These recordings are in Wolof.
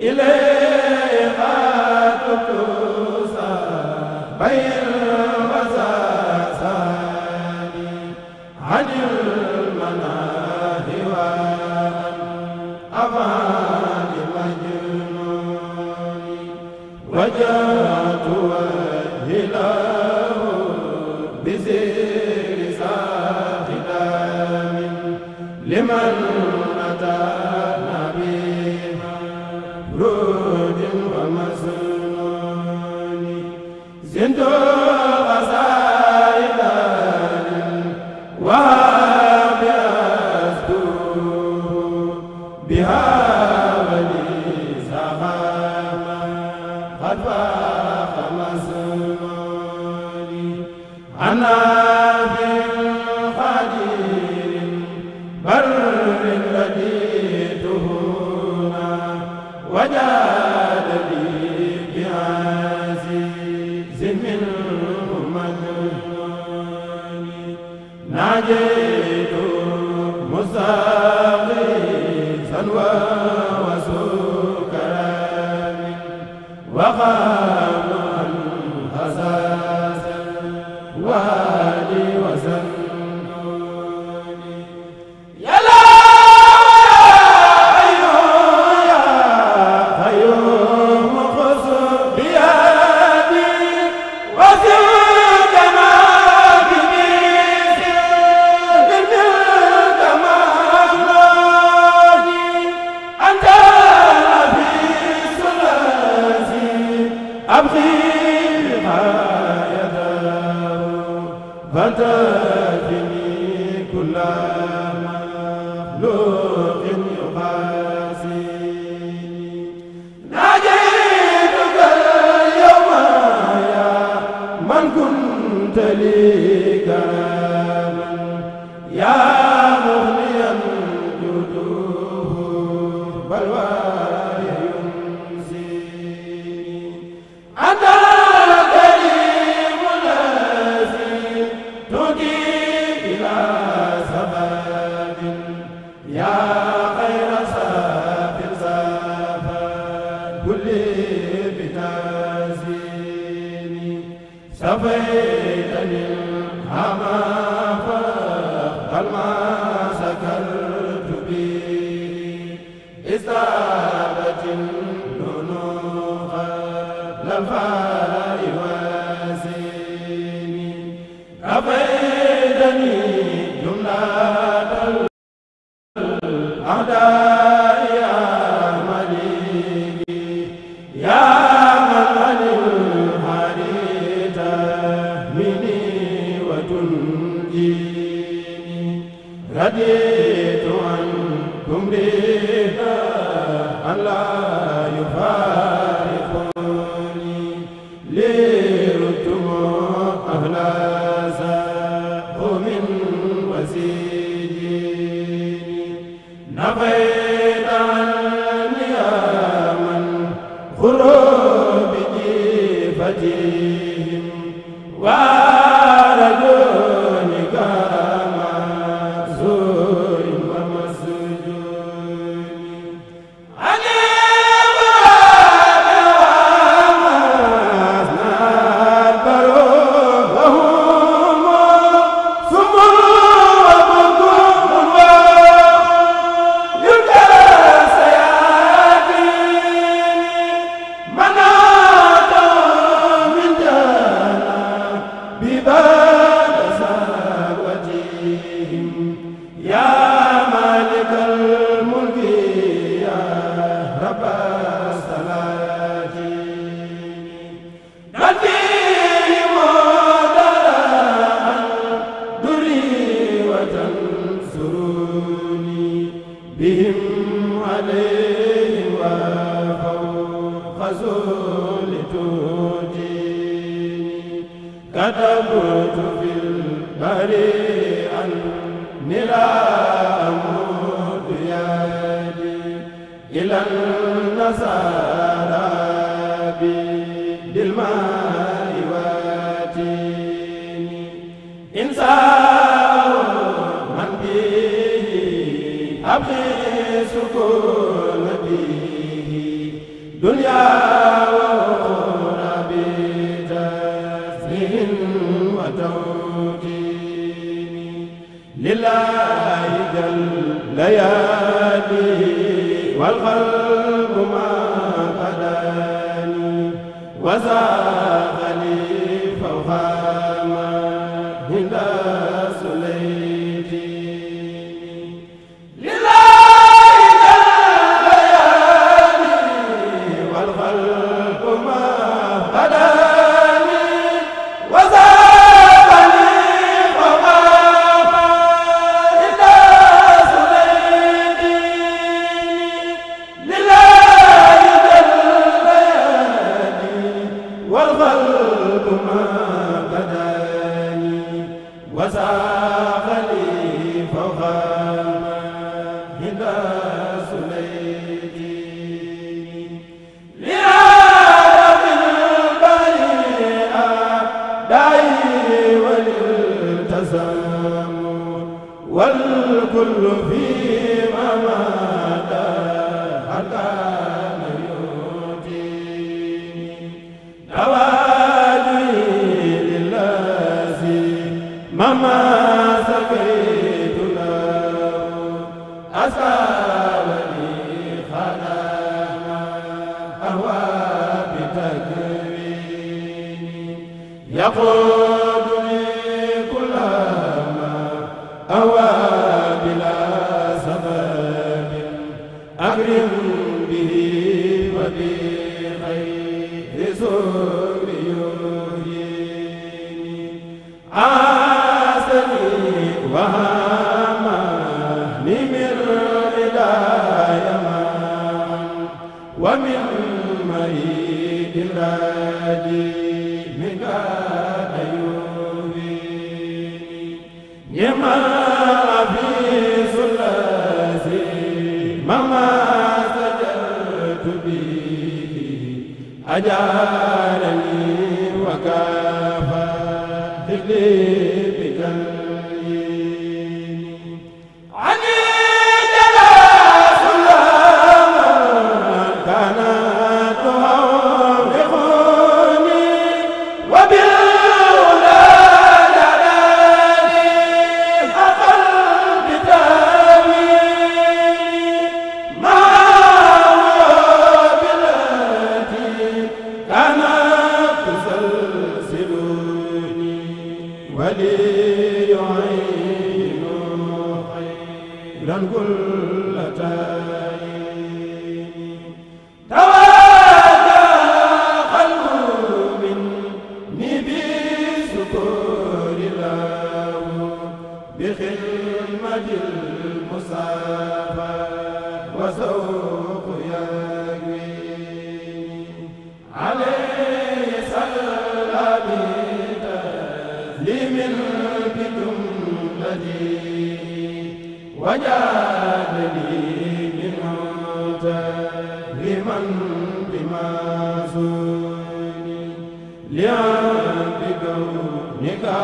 ilay ana safaytani ama نفيت لله جل ليالي والقلب ما قداني وزاد kullu fi أجارني وكافى ni ka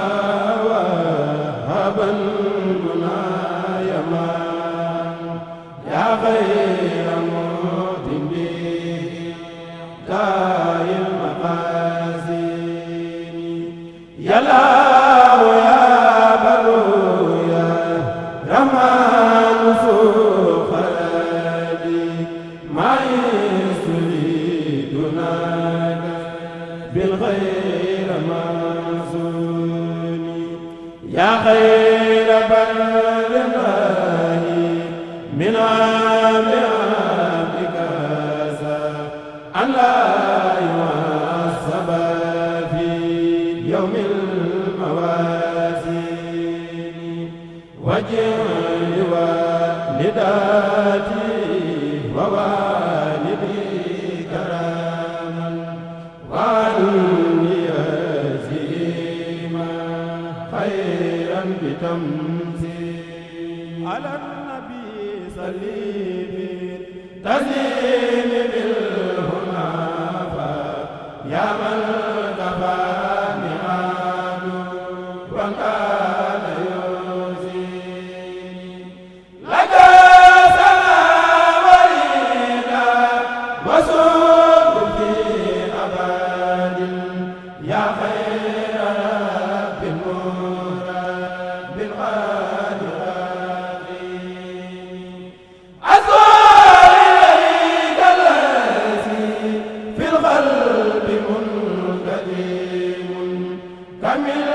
amiin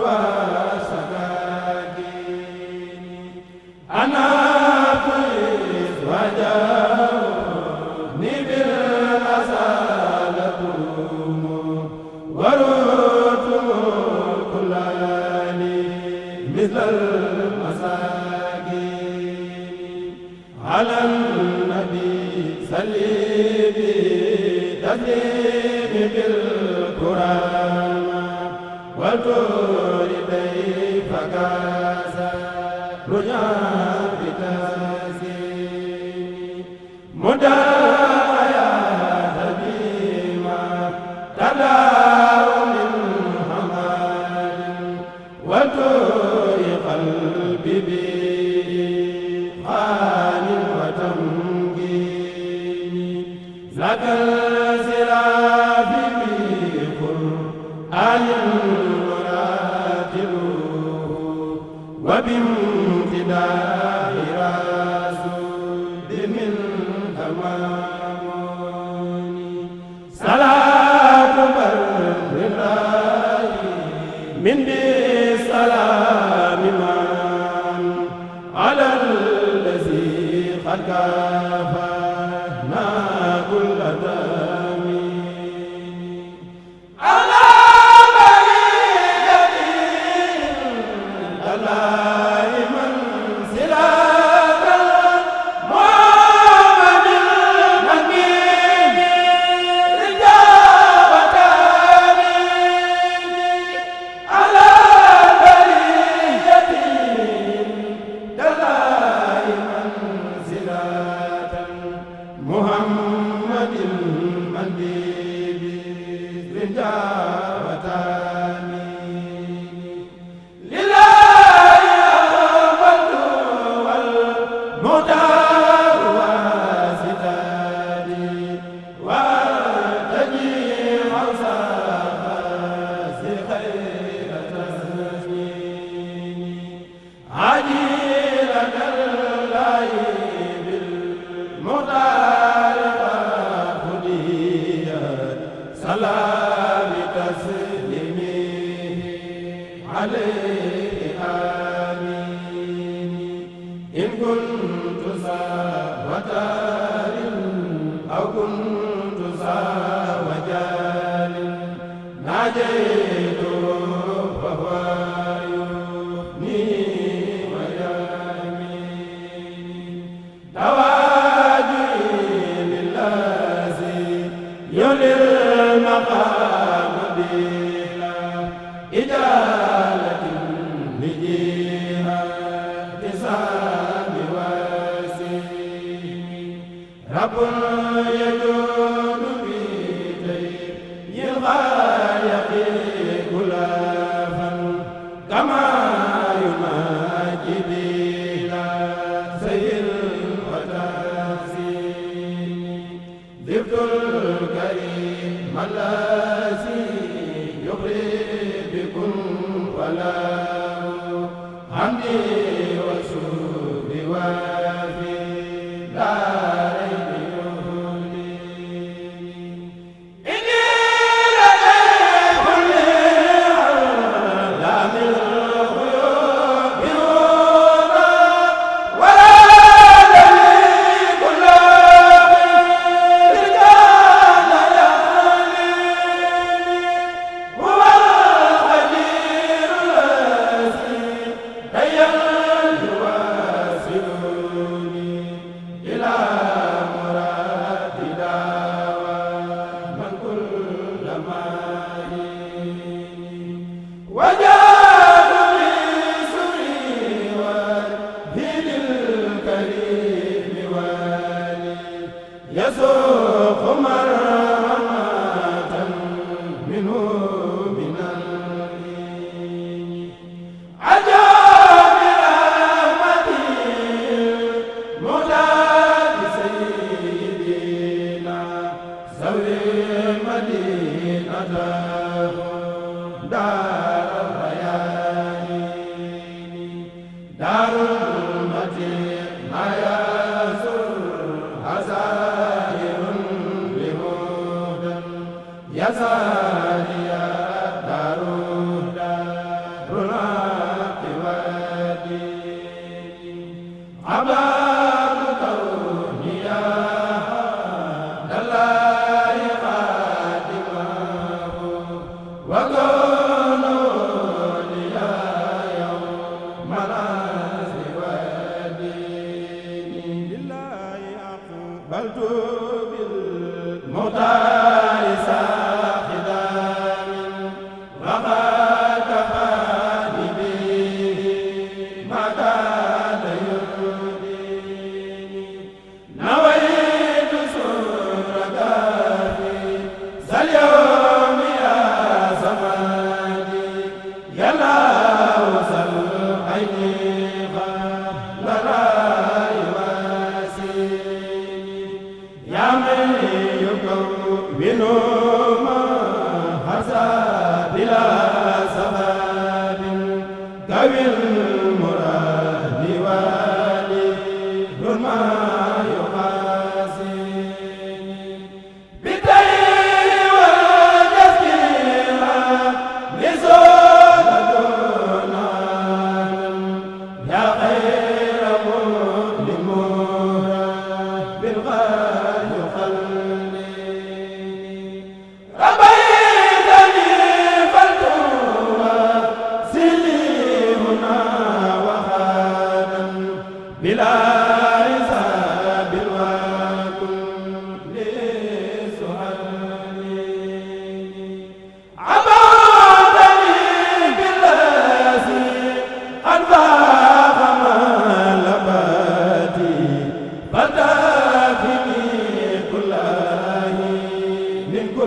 wa ata ya wa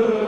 ko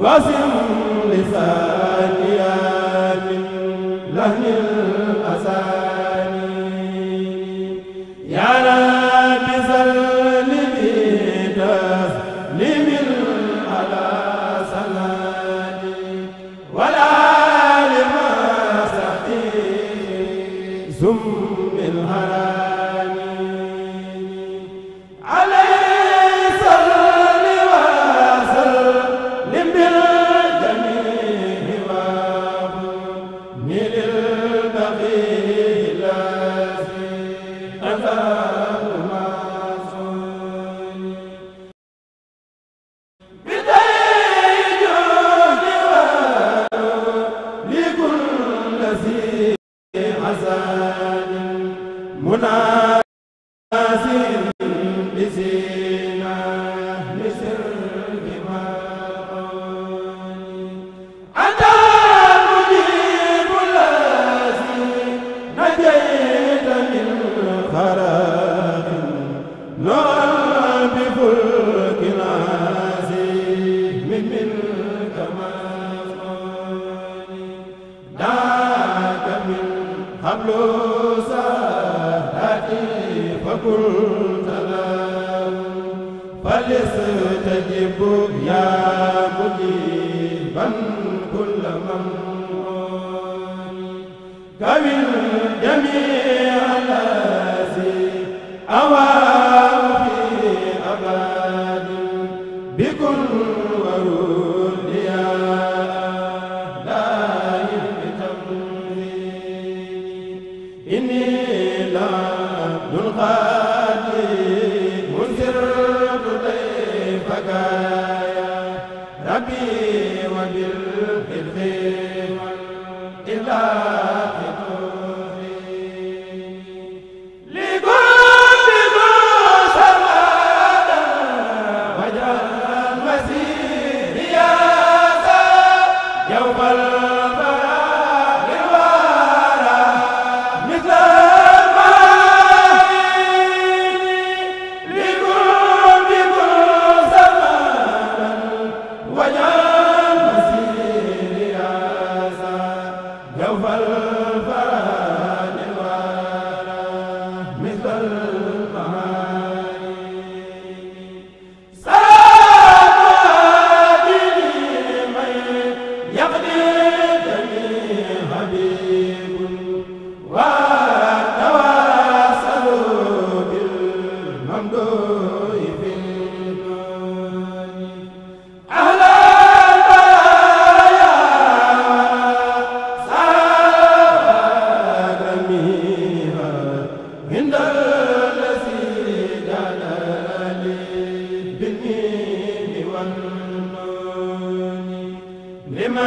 wasim ذوي الجميع الذي أوى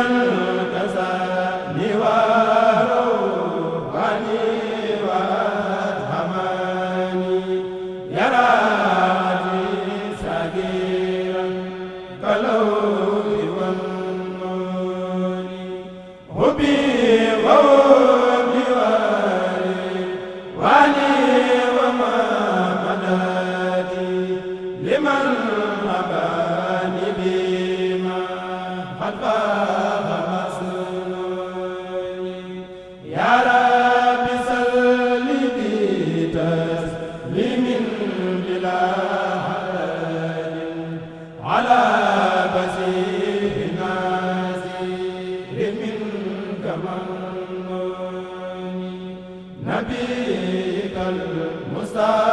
ka musta